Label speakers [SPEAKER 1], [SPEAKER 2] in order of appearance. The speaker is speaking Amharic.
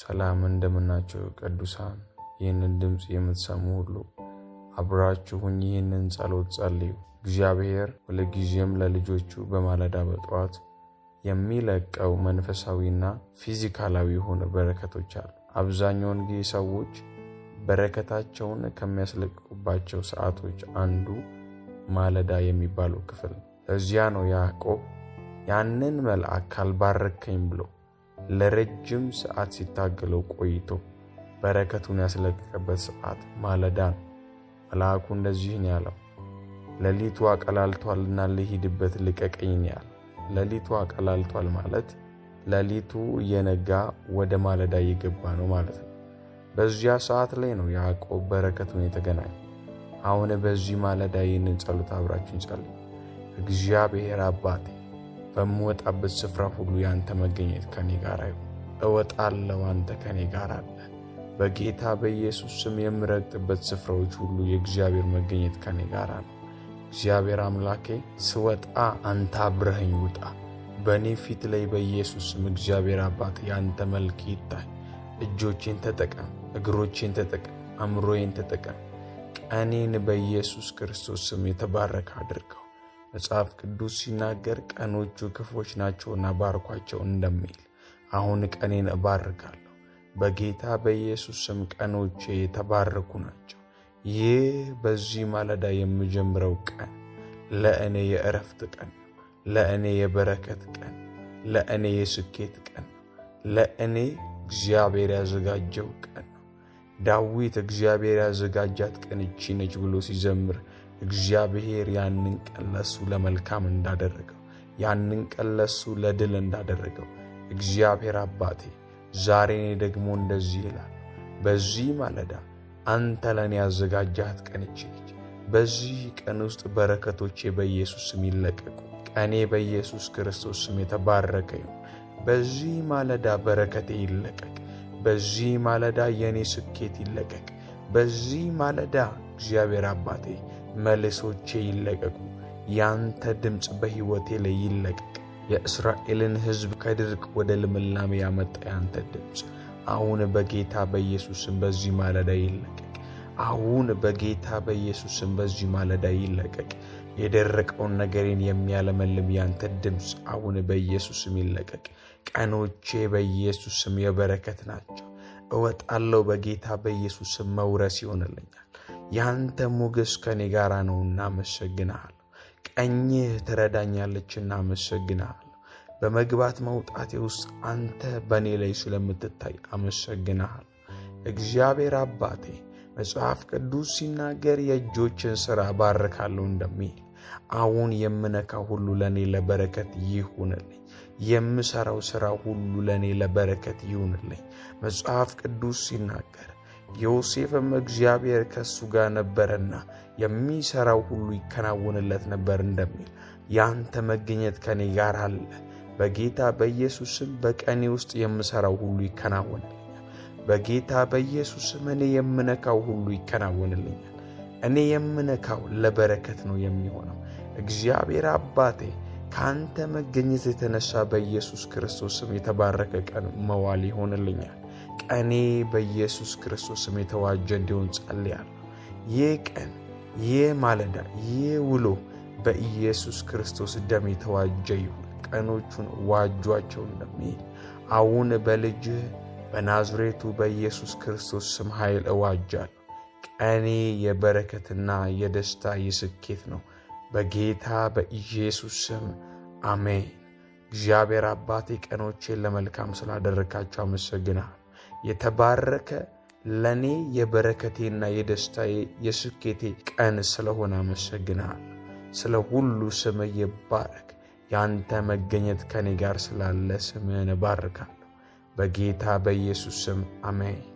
[SPEAKER 1] ሰላም እንደምናቸው ቅዱሳን ይህንን ድምፅ የምትሰሙ ሁሉ አብራችሁኝ ይህንን ጸሎት ጸልዩ። እግዚአብሔር ሁልጊዜም ለልጆቹ በማለዳ በጠዋት የሚለቀው መንፈሳዊና ፊዚካላዊ የሆኑ በረከቶች አሉ። አብዛኛውን ጊዜ ሰዎች በረከታቸውን ከሚያስለቅቁባቸው ሰዓቶች አንዱ ማለዳ የሚባለው ክፍል ነው። እዚያ ነው ያዕቆብ ያንን መልአክ ካልባረከኝ ብሎ ለረጅም ሰዓት ሲታገለው ቆይቶ በረከቱን ያስለቀቀበት ሰዓት ማለዳ ነው። መልአኩ እንደዚህን ያለው ሌሊቱ አቀላልቷልና ልሂድበት ልቀቀኝ ያለ ሌሊቱ አቀላልቷል ማለት ሌሊቱ እየነጋ ወደ ማለዳ እየገባ ነው ማለት ነው። በዚያ ሰዓት ላይ ነው ያዕቆብ በረከቱን የተገናኘ። አሁን በዚህ ማለዳ ይህንን ጸሎት አብራችን ጸልይ። እግዚአብሔር አባቴ በምወጣበት ስፍራ ሁሉ ያንተ መገኘት ከኔ ጋር ይሁን። እወጣለሁ፣ አንተ ከኔ ጋር አለ። በጌታ በኢየሱስ ስም የምረግጥበት ስፍራዎች ሁሉ የእግዚአብሔር መገኘት ከኔ ጋር ነው። እግዚአብሔር አምላኬ ስወጣ አንተ አብረኸኝ ውጣ። በእኔ ፊት ላይ በኢየሱስ ስም እግዚአብሔር አባት ያንተ መልክ ይታይ። እጆቼን ተጠቀም፣ እግሮቼን ተጠቀም፣ አእምሮዬን ተጠቀም። ቀኔን በኢየሱስ ክርስቶስ ስም የተባረከ አድርገው። መጽሐፍ ቅዱስ ሲናገር ቀኖቹ ክፎች ናቸውና ባርኳቸው እንደሚል አሁን ቀኔን እባርካለሁ። በጌታ በኢየሱስ ስም ቀኖቼ የተባረኩ ናቸው። ይህ በዚህ ማለዳ የምጀምረው ቀን ለእኔ የእረፍት ቀን፣ ለእኔ የበረከት ቀን፣ ለእኔ የስኬት ቀን፣ ለእኔ እግዚአብሔር ያዘጋጀው ዳዊት እግዚአብሔር ያዘጋጃት ቀን እቺ ነች ብሎ ሲዘምር እግዚአብሔር ያንን ቀን ለሱ ለመልካም እንዳደረገው ያንን ቀን ለሱ ለድል እንዳደረገው እግዚአብሔር አባቴ ዛሬ እኔ ደግሞ እንደዚህ ይላል። በዚህ ማለዳ አንተ ለእኔ ያዘጋጃት ቀን እቺ ነች። በዚህ ቀን ውስጥ በረከቶቼ በኢየሱስ ስም ይለቀቁ። ቀኔ በኢየሱስ ክርስቶስ ስም የተባረከ ይሁን። በዚህ ማለዳ በረከቴ ይለቀቅ። በዚህ ማለዳ የኔ ስኬት ይለቀቅ። በዚህ ማለዳ እግዚአብሔር አባቴ መልሶቼ ይለቀቁ። ያንተ ድምፅ በሕይወቴ ላይ ይለቀቅ። የእስራኤልን ሕዝብ ከድርቅ ወደ ልምላሜ ያመጣ ያንተ ድምፅ አሁን በጌታ በኢየሱስም በዚህ ማለዳ ይለቀቅ። አሁን በጌታ በኢየሱስም በዚህ ማለዳ ይለቀቅ። የደረቀውን ነገሬን የሚያለመልም ያንተ ድምፅ አሁን በኢየሱስ ስም ይለቀቅ። ቀኖቼ በኢየሱስ ስም የበረከት ናቸው። እወጣለሁ በጌታ በኢየሱስ ስም መውረስ ይሆንልኛል። ያንተ ሞገስ ከኔ ጋር ነው። እናመሰግናሃለሁ። ቀኝህ ትረዳኛለች። እናመሰግናሃለሁ። በመግባት መውጣቴ ውስጥ አንተ በእኔ ላይ ስለምትታይ አመሰግናሃለሁ። እግዚአብሔር አባቴ መጽሐፍ ቅዱስ ሲናገር የእጆችን ሥራ ባርካለሁ እንደሚል አሁን የምነካ ሁሉ ለእኔ ለበረከት ይሁንልኝ። የምሰራው ሥራ ሁሉ ለእኔ ለበረከት ይሁንልኝ። መጽሐፍ ቅዱስ ሲናገር ዮሴፍም እግዚአብሔር ከእሱ ጋር ነበረና የሚሰራው ሁሉ ይከናወንለት ነበር እንደሚል ያንተ መገኘት ከኔ ጋር አለ። በጌታ በኢየሱስም በቀኔ ውስጥ የምሰራው ሁሉ ይከናወንልኛል። በጌታ በኢየሱስም እኔ የምነካው ሁሉ ይከናወንልኛል። እኔ የምነካው ለበረከት ነው የሚሆነው። እግዚአብሔር አባቴ ከአንተ መገኘት የተነሳ በኢየሱስ ክርስቶስ ስም የተባረከ ቀን መዋል ይሆንልኛል። ቀኔ በኢየሱስ ክርስቶስ ስም የተዋጀ እንዲሆን ጸልያለሁ። ይህ ቀን፣ ይህ ማለዳ፣ ይህ ውሎ በኢየሱስ ክርስቶስ ደም የተዋጀ ይሁን። ቀኖቹን ዋጇቸው እንደሚሄድ አሁን በልጅህ በናዝሬቱ በኢየሱስ ክርስቶስ ስም ኃይል እዋጃለሁ። ቀኔ የበረከትና የደስታ የስኬት ነው። በጌታ በኢየሱስ ስም አሜን። እግዚአብሔር አባቴ ቀኖቼን ለመልካም ስላደረካቸው አመሰግናል። የተባረከ ለእኔ የበረከቴና የደስታ የስኬቴ ቀን ስለሆነ አመሰግናል። ስለ ሁሉ ስም ይባረክ። ያንተ መገኘት ከኔ ጋር ስላለ ስምህን እባርካለሁ። በጌታ በኢየሱስ ስም አሜን።